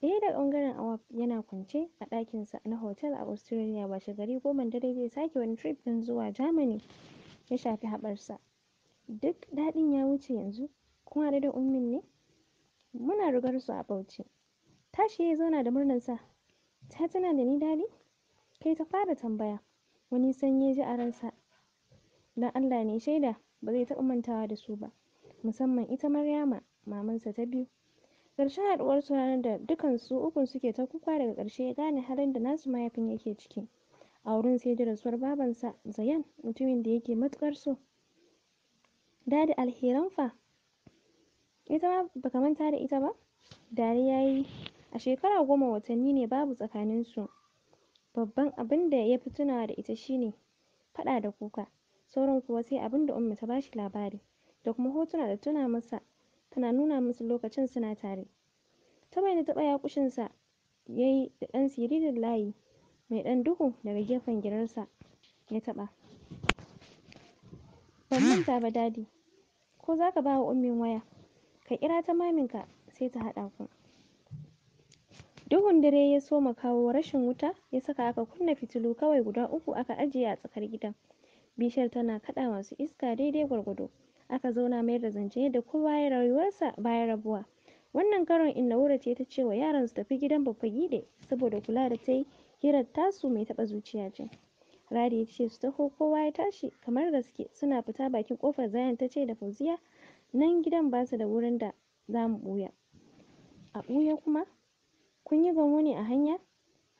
ɗaya daga ɓangaren awaf yana kwance a ɗakinsa na hotel a australia washegari gari goman dare zai sake wani trip ɗin zuwa germany ya shafi haɓarsa duk daɗin ya wuce yanzu kuma da da ummin ne muna rigar su a bauchi tashi ya zauna da sa. ta tana da ni daɗi kai ta fara tambaya wani sanyi ji a ransa don allah ne shaida ba zai taɓa mantawa da su ba musamman ita maryama mamansa ta biyu Ƙarshen haɗuwarsu ranar da dukansu ukun suke ta kuka daga ƙarshe ya gane halin da nasu mahaifin yake ciki. A wurin sai da rasuwar babansa Zayan mutumin da yake matuƙar so. Dadi alheran fa ita ma baka manta da ita ba? ya yi a shekara goma watanni ne babu tsakanin su Babban abin da ya fi tunawa da ita shine faɗa da kuka. Sauran kuwa sai abin da Ummi ta bashi labari da kuma hotuna da tuna masa tana nuna musu lokacin suna tare ta bayyana ta yakushinsa kushinsa ya yi da ɗan siririn layi mai ɗan duhu daga gefen girarsa ya taɓa ban manta ba dadi ko za ka ba ummin waya ka kira ta maminka sai ta haɗa ku duhun dare ya soma kawo rashin wuta ya saka aka kunna fitilu kawai guda uku aka ajiye a tsakar gidan bishiyar tana kaɗa masu iska daidai gwargwado aka zauna mayar da zance da kowa ya rayuwarsa bayan rabuwa wannan karon inna ce ta cewa yaran su tafi gidan babba gide saboda kula da ta yi hirar tasu mai taɓa zuciya ce radi ya ce su taho kowa ya tashi kamar gaske suna fita bakin kofar zayan ta ce da fauziya nan gidan ba su da wurin da za mu ɓuya a ɓuya kuma kun yi gamo ne a hanya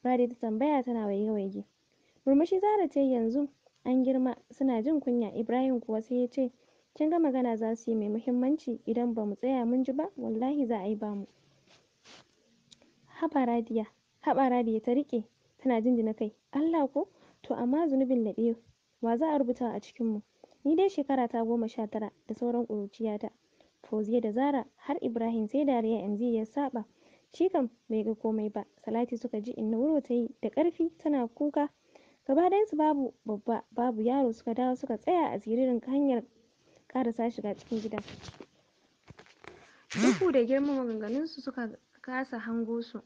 radi ta tambaya tana waige-waige murmushi zara ce yanzu an girma suna jin kunya ibrahim kuwa sai ya ce kin ga magana za su yi mai muhimmanci idan ba mu tsaya mun ji ba wallahi za a yi ba mu haba radiya haba radiya ta riƙe tana jinjina kai Allah ko to amma zunubin laɓe wa za a rubuta a cikin mu ni dai shekara ta goma sha tara da sauran ƙuruciya ta. fauziya da zara har ibrahim sai dariya mz ya saba shi bai ga komai ba salati suka ji inna wuro ta yi da ƙarfi tana kuka gaba su babu babba babu yaro suka dawo suka tsaya a ziririn hanyar sa shiga cikin gidan hmm. Duku da girma maganganunsu suka kasa hango su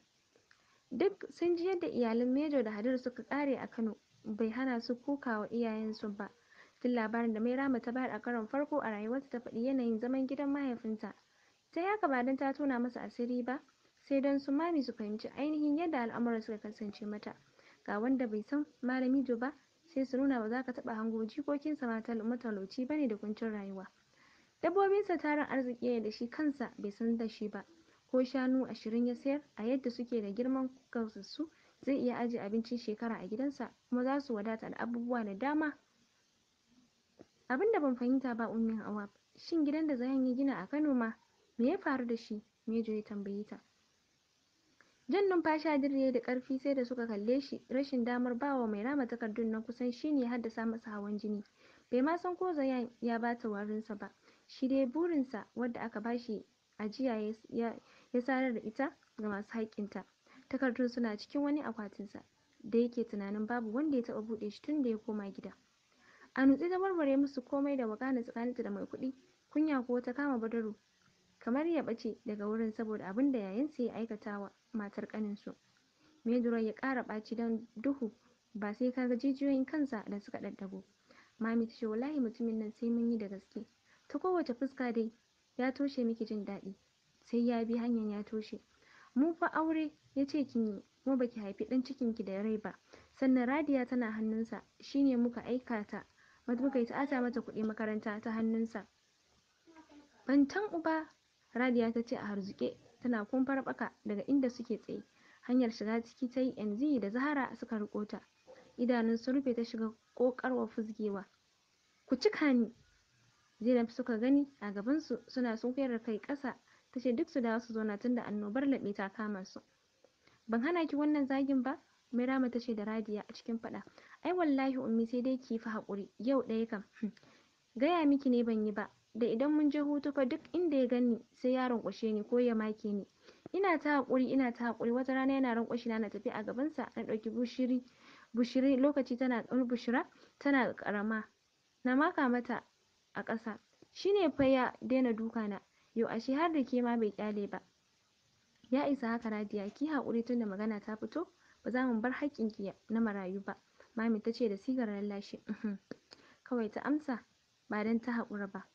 duk sun ji yadda iyalan Mejo da hadar suka ƙare a Kano bai hana su kuka wa iyayensu ba tun labarin da mai rama ta bayar a karon farko a rayuwarta ta faɗi yanayin zaman gidan mahaifinta ta haka ba don ta tona masa asiri ba sai don su mami su fahimci ainihin yadda al'amuran suka kasance mata ga wanda bai san malami jo ba sai su nuna ba za ka taɓa hango jikokinsa matalauci ba ne da kuncin rayuwa dabbobinsa tarin arziki ne da shi kansa bai san da shi ba ko shanu ashirin ya sayar a yadda suke da girman su zai iya ajiye abincin shekara a gidansa kuma za su wadata da abubuwa da dama abin da ban fahimta ba ummin hawa shin gidan da zayan ya gina a kano ma me ya faru da shi mejo ya tambaye ta Jan numfashi a ya da ƙarfi sai da suka kalle shi, rashin damar bawa mai rama takardun nan kusan shi ne ya haddasa masa hawan jini. Bai ma san ko Zayan ya bata warinsa ba, shi dai burinsa wadda aka bashi ajiya ya sarar da ita ga masu haƙƙinta. Takardun suna cikin wani akwatinsa da yake tunanin babu wanda ya taɓa buɗe shi tun da ya koma gida. A nutse ta warware musu komai da wakana tsakaninta da mai kuɗi, kunya ko ta kama Badaru kamar ya ɓace daga wurin saboda abin da yayansa ya aikatawa. matar su. medro ya ƙara ɓaci don duhu ba sai ka ga jijiyoyin kansa da suka ɗaɗɗago mami ta ce wallahi mutumin nan sai mun yi da gaske ta kowace fuska dai ya toshe miki jin daɗi sai ya bi hanyar ya toshe mu fa aure ya ce kin yi kuma baki haifi ɗan cikinki da rai ba sannan radiya tana hannunsa shine muka aika ta muka yi ta mata kuɗi makaranta ta hannunsa bantan uba radiya ta ce a harzuke tana kumfar baka daga inda suke tsaye hanyar shiga ciki ta yi da zahara suka riko ta idanun rufe ta shiga kokarwa fusgewa ku cika ni zainab suka gani a gabansu suna sunkuyar da kai ƙasa ta ce duk su dawo su zauna tun da annobar laɓe ta kama su ban hana ki wannan zagin ba Mairama ta ce da Radiya a cikin faɗa. Ai wallahi ummi sai dai ki fi haƙuri yau ɗaya kam. Hm, gaya miki ne ban yi ba da idan mun je hutu fa duk inda ya ganni sai ya rankwashe ni ko ya make ni ina ta haƙuri ina ta haƙuri wata rana yana rankwashe na na tafi a sa na ɗauki bushiri bushiri lokaci tana bushira tana karama. na maka mata a ƙasa shine fa ya daina duka na yau ashe har da ke ma bai kyale ba ya isa haka Radiya ki haƙuri tunda magana ta fito ba za mu bar ki na marayu ba mami ta ce da sigar lallashi uhm, kawai ta amsa ba dan ta haƙura ba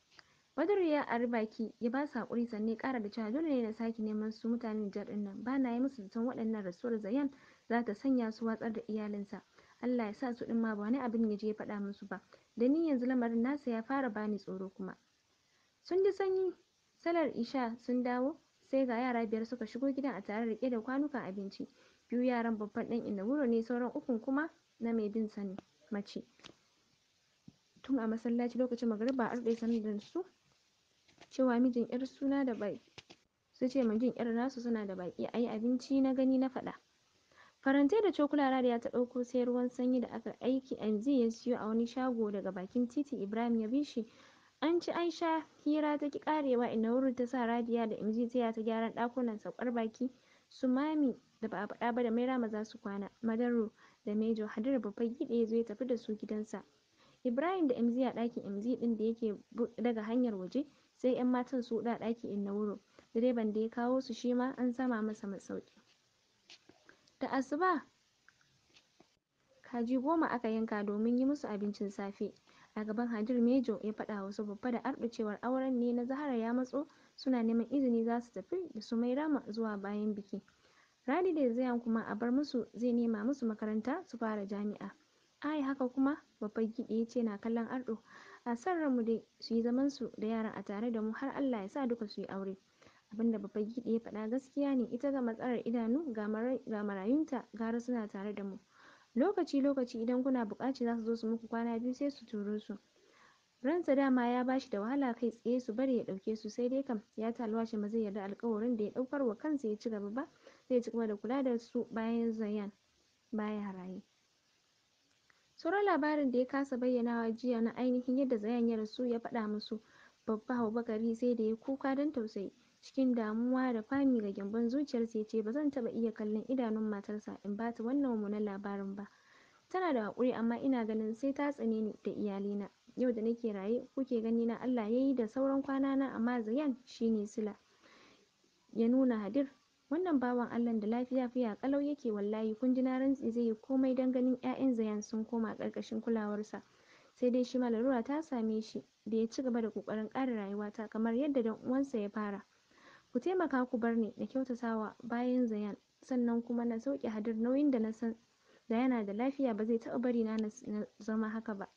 Badaru ya ari baki ya basu haƙuri sannan ya ƙara da cewa dole ne na sake neman su mutanen Nijar ɗin nan ba na yi musu zaton waɗannan rasuwar Zayan za ta sanya su watsar da iyalinsa. Allah ya sa su ɗin ma ba wani abin ya je ya faɗa musu ba. Da ni yanzu lamarin nasa ya fara bani tsoro kuma. Sun ji sanyi salar isha sun dawo sai ga yara biyar suka shigo gidan a tare riƙe da kwanukan abinci. Biyu yaran babban ɗan inna ne sauran ukun kuma na mai bin sani mace. Tun a masallaci lokacin magariba a ruɗe sanin su cewa mijin yar suna da baƙi su ce mijin yar nasu suna da baƙi a yi abinci na gani na faɗa farantai da cokula ya ta ɗauko sai ruwan sanyi da aka aiki mz ya siyo a wani shago daga bakin titi ibrahim ya bi shi an ci an sha hira ta ki karewa inda wurin ta sa radiya da inji taya ta gyaran ɗakunan saukar baki su mami da ba a faɗa ba da maira maza su kwana madaro da mejo hadar babban gida ya zo ya tafi da su gidansa ibrahim da mz a ɗakin mz ɗin da yake daga hanyar waje sai 'yan matan su huɗu a ɗaki in na wuro direban da ya kawo su shi ma an sama masa masauki da asuba kaji goma aka yanka domin yi musu abincin safe a gaban hadir mejo ya faɗa wasu babba da arɗu cewar auren ne na zahara ya matso suna neman izini za su tafi da su mai rama zuwa bayan biki rani da zayan kuma a bar musu zai nema musu makaranta su fara jami'a ai haka kuma babban gidi ya ce na kallon arɗo a san ranmu dai su yi zaman su da yaran a tare da mu har Allah ya sa duka su yi aure abin da babban gidi ya faɗa gaskiya ne ita ga matsalar idanu ga marayunta gara suna tare da mu lokaci lokaci idan kuna buƙaci za su zo su muku kwana biyu sai su turo su ransa dama ya bashi da wahala kai tsaye su bari ya ɗauke su sai dai kam ya shi ma zai yarda alƙawarin da ya ɗaukar wa kansa ya ci gaba ba zai ci gaba da kula da su bayan zayan baya raye Sauran labarin da ya kasa bayyanawa jiya na ainihin yadda Zayan ya rasu ya faɗa musu, Babba Haubakari sai da ya kuka don tausayi. Cikin damuwa da fami ga gyambon zuciyarsa ya ce ba zan taɓa iya kallon idanun matarsa in ba ta wannan mummunan labarin ba. Tana da haƙuri amma ina ganin sai ta tsane ni da iyalina. Yau da nake raye kuke gani na Allah ya yi da sauran kwana na amma Zayan shi ne sila. Ya nuna Hadir wannan bawan allah da lafiya fiya kalau yake wallahi kun ji na rantse zai yi komai don ganin ƴaƴan Zayan sun koma ƙarƙashin kulawarsa sai dai shi ma ta same shi da ya ci gaba da ƙoƙarin ƙara rayuwa ta kamar yadda dan uwansa ya fara ku taimaka ku bar ni na kyautatawa bayan Zayan sannan kuma na sauke hadir nauyin da na san da yana da lafiya ba zai taɓa bari na na zama haka ba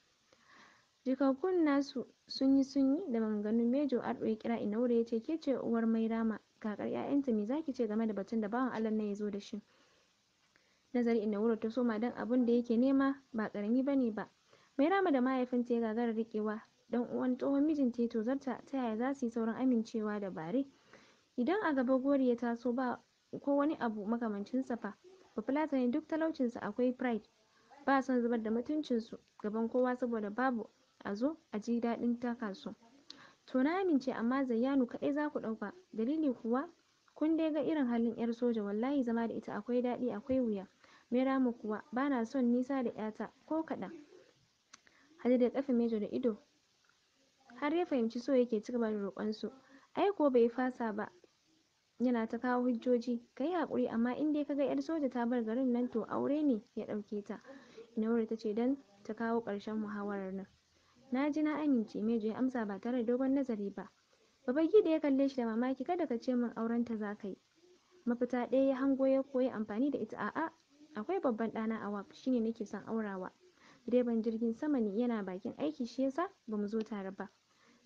jikakkun nasu sun yi sun yi da maganganun mejo arɗo ya kira inaure ya ce ke ce uwar mairama kakar 'ya'yanta me zaki ce game da batun da bawan Allah nan ya zo da shi nazari inda wurin ta soma don abun da yake nema ba karami bane ba mai rama da mahaifinta ya gagara riƙewa dan uwan tsohon mijinta ya tozarta ta yaya za su yi sauran amincewa da bare idan a gaba gori ya so ba ko wani abu makamancinsa fa fulata ne duk talaucinsa akwai pride ba son zubar da mutuncin su gaban kowa saboda babu a zo a ji daɗin takasu. To na amince amma Zayyanu kaɗai za ku ɗauka, dalili kuwa kun dai ga irin halin 'yar soja, wallahi zama da ita akwai daɗi akwai wuya. mu kuwa ba na son nisa da 'yata ko kaɗan. Hadi ya kafe Mejo da ido har ya fahimci so yake ci gaba da roƙonsu. Ai kuwa bai fasa ba yana ta kawo hujjoji, ka yi haƙuri amma in dai ka ga 'yar soja ta bar garin nan to aure ne ya ɗauke ta. Inaure ta ce don ta kawo ƙarshen muhawarar nan. na ji na amince mejo ya amsa ba tare da dogon nazari ba da ya kalle shi da mamaki kada ka ce min auren ta zaka yi mafita ɗaya ya hango ya koyi amfani da ita a'a akwai babban ɗana a wap shine nake son aurawa direban jirgin sama ne yana bakin aiki shi yasa bamu zo tare ba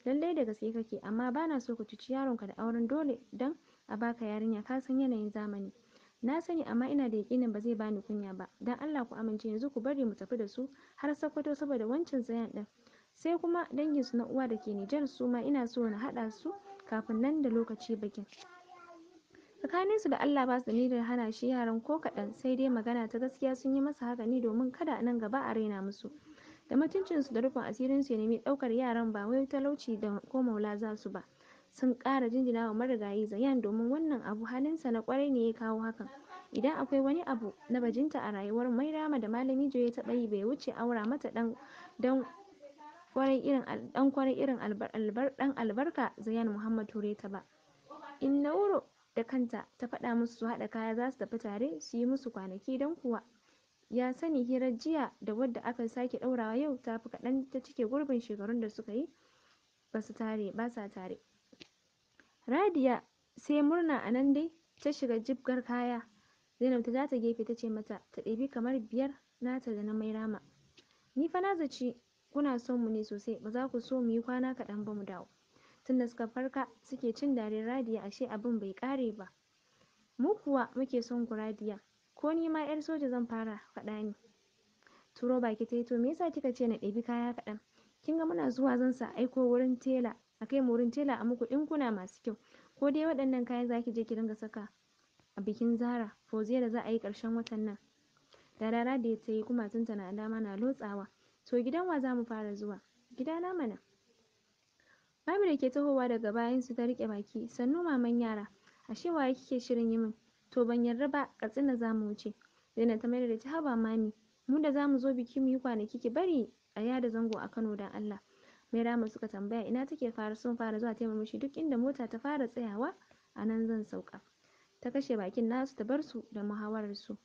lallai da gaske kake amma bana so ka cuci yaronka da auren dole dan a baka yarinya ka san yanayin zamani na sani amma ina da yakinin ba zai bani kunya ba dan Allah ku amince yanzu ku bari mu tafi da su har Sokoto saboda wancan zayan din Sai kuma danginsu na uwa da ke Nijar su ma ina so na haɗa su kafin nan da lokaci bikin. Tsakaninsu da Allah ba su da hana shi yaran ko kaɗan, sai dai magana ta gaskiya sun yi masa haka ne domin kada nan gaba a raina musu. Da mutuncinsu da rufin asirin su ya nemi ɗaukar yaran ba wai talauci da ko maula za su ba. Sun kara jinjina wa marigayi Zayan domin wannan abu sa na kwarai ne ya kawo hakan. Idan akwai wani abu na bajinta a rayuwar Mairama da Malami Jo ya taɓa yi bai wuce aura mata ɗan kwarai irin dan kwarai irin dan albarka zayan muhammad ture ta ba in nauro da kanta ta faɗa musu su haɗa kaya za su tafi tare su yi musu kwanaki don kuwa ya sani hirar jiya da wadda aka sake ɗaurawa yau ta fi kaɗan ta cike gurbin shekarun da suka yi ba su tare ba sa tare radiya sai murna a nan dai ta shiga jibgar kaya zainab ta ta gefe ta ce mata ta ɗebi kamar biyar nata da na mai rama ni fa na zaci kuna son mu ne sosai ba za ku so mu yi kwana kaɗan ba mu dawo tunda suka farka suke cin dariyar radiya ashe abin bai ƙare ba mu kuwa muke son ku radiya ko ni ma yar soja zan fara faɗa ne turo baki ta yi to me yasa kika ce na ɗebi kaya kaɗan kin ga muna zuwa zan sa aiko wurin tela a kai mu wurin tela a muku ɗinkuna masu kyau ko dai waɗannan kayan za ki je ki dinga saka a bikin zara fauziya da za a yi ƙarshen watan nan da rara da ta yi kuma tun na dama na lotsawa to gidan wa zamu fara zuwa Gida na mana mami da ke tahowa daga bayan su ta rike baki sannu maman yara ashe waye kike shirin yi min to ban yarda ba katsina zamu wuce Zainab ta maida da ta haba mami mu da zamu zo biki mu yi kwanaki ki bari a yada zango a Kano don Allah mai rama suka tambaya ina take fara sun fara zuwa taimaka mishi duk inda mota ta fara tsayawa a nan zan sauka ta kashe bakin nasu ta bar su da muhawarar su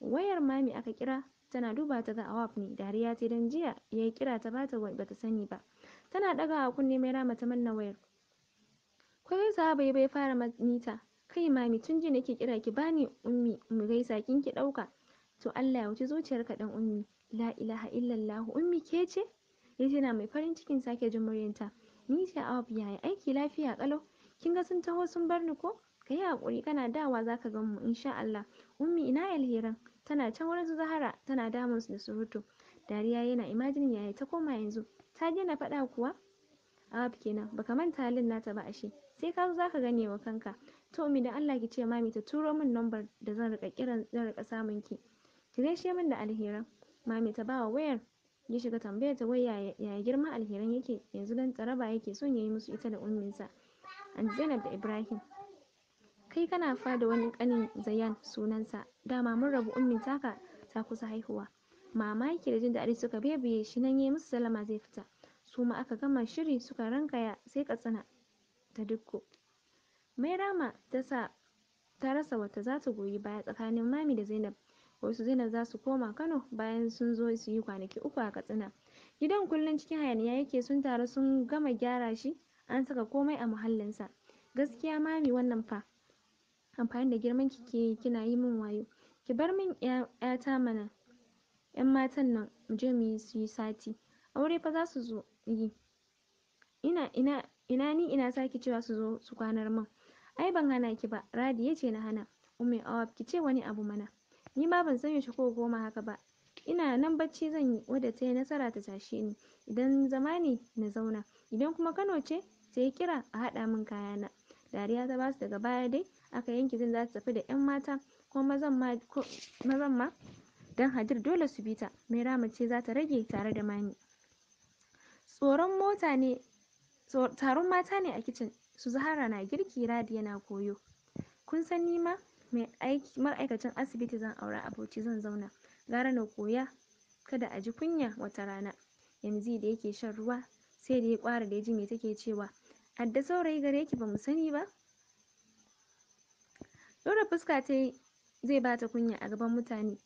wayar mami aka kira Tana duba ta ga Awaf ne, dariya ta don jiya ya yi kira ta bata bata sani ba. Tana ɗagawa kunne mai rama ta manna wayar. Kwarai sa bai bai fara manita. Kai mami tun ji nake kira ki bani ummi mu gaisa kin ki ɗauka. To Allah ya wuce ka ɗan ummi. La ilaha illallah ummi ke ce? Yace na mai farin cikin sake jin muryarta. Ni ce Awaf yayi aiki lafiya kalo Kin ga sun taho sun bar ni ko? Ka hakuri kana dawa zaka ka gan mu insha Allah. Ummi ina alheran. tana can wurin su zahara tana damun su da surutu dariya yana imajinin yaya ta koma yanzu ta daina faɗa kuwa a kenan baka manta halin nata ba ashe sai ka zo zaka gane wa kanka to mi da Allah ki ce mami ta turo min number da zan rika kiran zan rika samun ki ki gaishe min da alheran mami ta bawa wayar ya shiga tambaya ta wai yaya girman alheran yake yanzu dan tsaraba yake son yayi musu ita da umminsa an Zainab da Ibrahim kai kana fa da wani kanin zayan sunansa dama mun rabu ummin taka ta kusa haihuwa mamaki da jin daɗi suka bebiye shi nan yayi musu salama zai fita su ma aka gama shiri suka rankaya sai katsina ta dukko mai rama ta sa ta rasa wata zata goyi baya tsakanin mami da zainab wasu zainab za su koma kano bayan sun zo su yi kwanaki uku a katsina gidan kullum cikin hayaniya yake sun taru sun gama gyara shi an saka komai a muhallinsa gaskiya mami wannan fa amfani da girman ki ke kina yi min wayo ki bar min ƴata mana ƴan matan nan muje muyi suyi sati aure fa zasu zo yi ina ina ina ni ina saki cewa su zo su kwanar min ai ban hana ki ba radi yace na hana Ummi Awab oh, ki ce wani abu mana ni ma ban san yaushe kuka goma haka ba ina nan bacci zan yi wadda yi nasara ta tashe ni idan zamani na zauna idan kuma Kano ce ta yi kira a haɗa min kayana dariya ta basu daga baya dai aka yanke jin za ta tafi da 'yan mata ko mazan ma don hadir dole su bita mai ramace ce za ta rage tare da mami tsoron mota ne taron mata ne a kicin su zahara na girki radi yana koyo kun san ni ma ma'aikacin asibiti zan aura aboci zan zauna gara na koya kada a ji kunya wata rana yanzu da yake shan ruwa sai da ya kwara da ya ji me take cewa adda saurayi gare ki mu sani ba ɗora fuska ta zai bata kunya a gaban mutane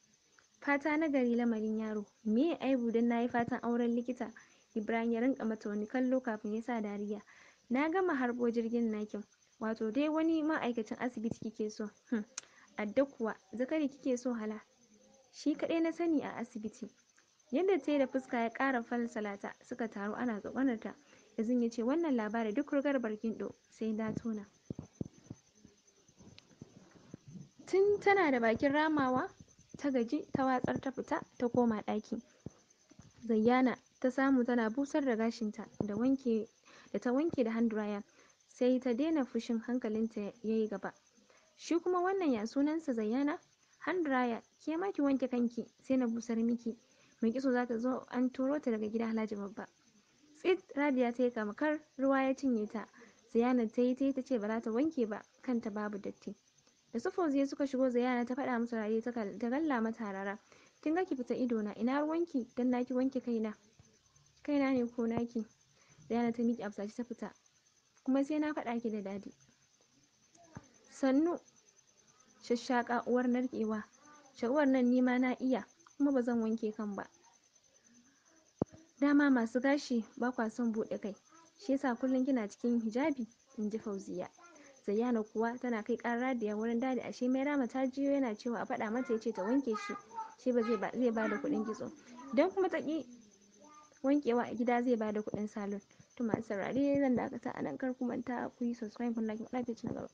fata na gari lamarin yaro me aibu don na yi fatan auren likita ibrahim ya rinka mata wani kallo kafin ya sa dariya na gama harbo jirgin nakin wato dai wani ma'aikacin asibiti kike so hmm. adda kuwa zakari kike so hala shi kaɗai na sani a asibiti yadda ta da fuska ya ƙara falsalata suka taru ana tsokanarta yanzu ya ce wannan labari duk rigar barkin ɗo sai na tona tun tana da bakin ramawa ta gaji ta watsar ta fita ta koma ɗaki zayyana ta samu tana busar da gashinta da wanke da ta wanke da hand dryer sai ta daina fushin hankalinta ya yi gaba shi kuma wannan ya sunansa zayyana hand dryer ke ma ki wanke kanki sai na busar miki mai kiso za ta zo an turo ta daga gida alhaji babba tsit rabia ta yi kamakar ruwa ya cinye ta zayyana ta yi ta ce ba ta wanke ba kanta babu datti da su fauziya suka shigo zayana ta faɗa musu raye ta galla mata rara kin ga ki fita ido na ina ruwanki dan naki wanke kaina kaina ne ko naki zayyana ta miƙe afsashi ta fita kuma sai na faɗa ki da dadi sannu shashshaka uwar narkewa sha'uwar nan nima na iya kuma ba zan wanke kan ba dama masu gashi ba kwa son buɗe kai shi yasa kullum kina cikin hijabi in ji fauziya Zayyana kuwa tana kai ƙarar Radiya wurin Dadi ashe rama ta jiyo yana cewa a faɗa mata ya ce ta wanke shi shi ba zai ba da kuɗin kitso. Idan kuma ta ƙi wankewa a gida zai ba da kuɗin salon. To masu saurare zan dakata a nan kar ku manta ku yi subscribe ku like ku na gaba.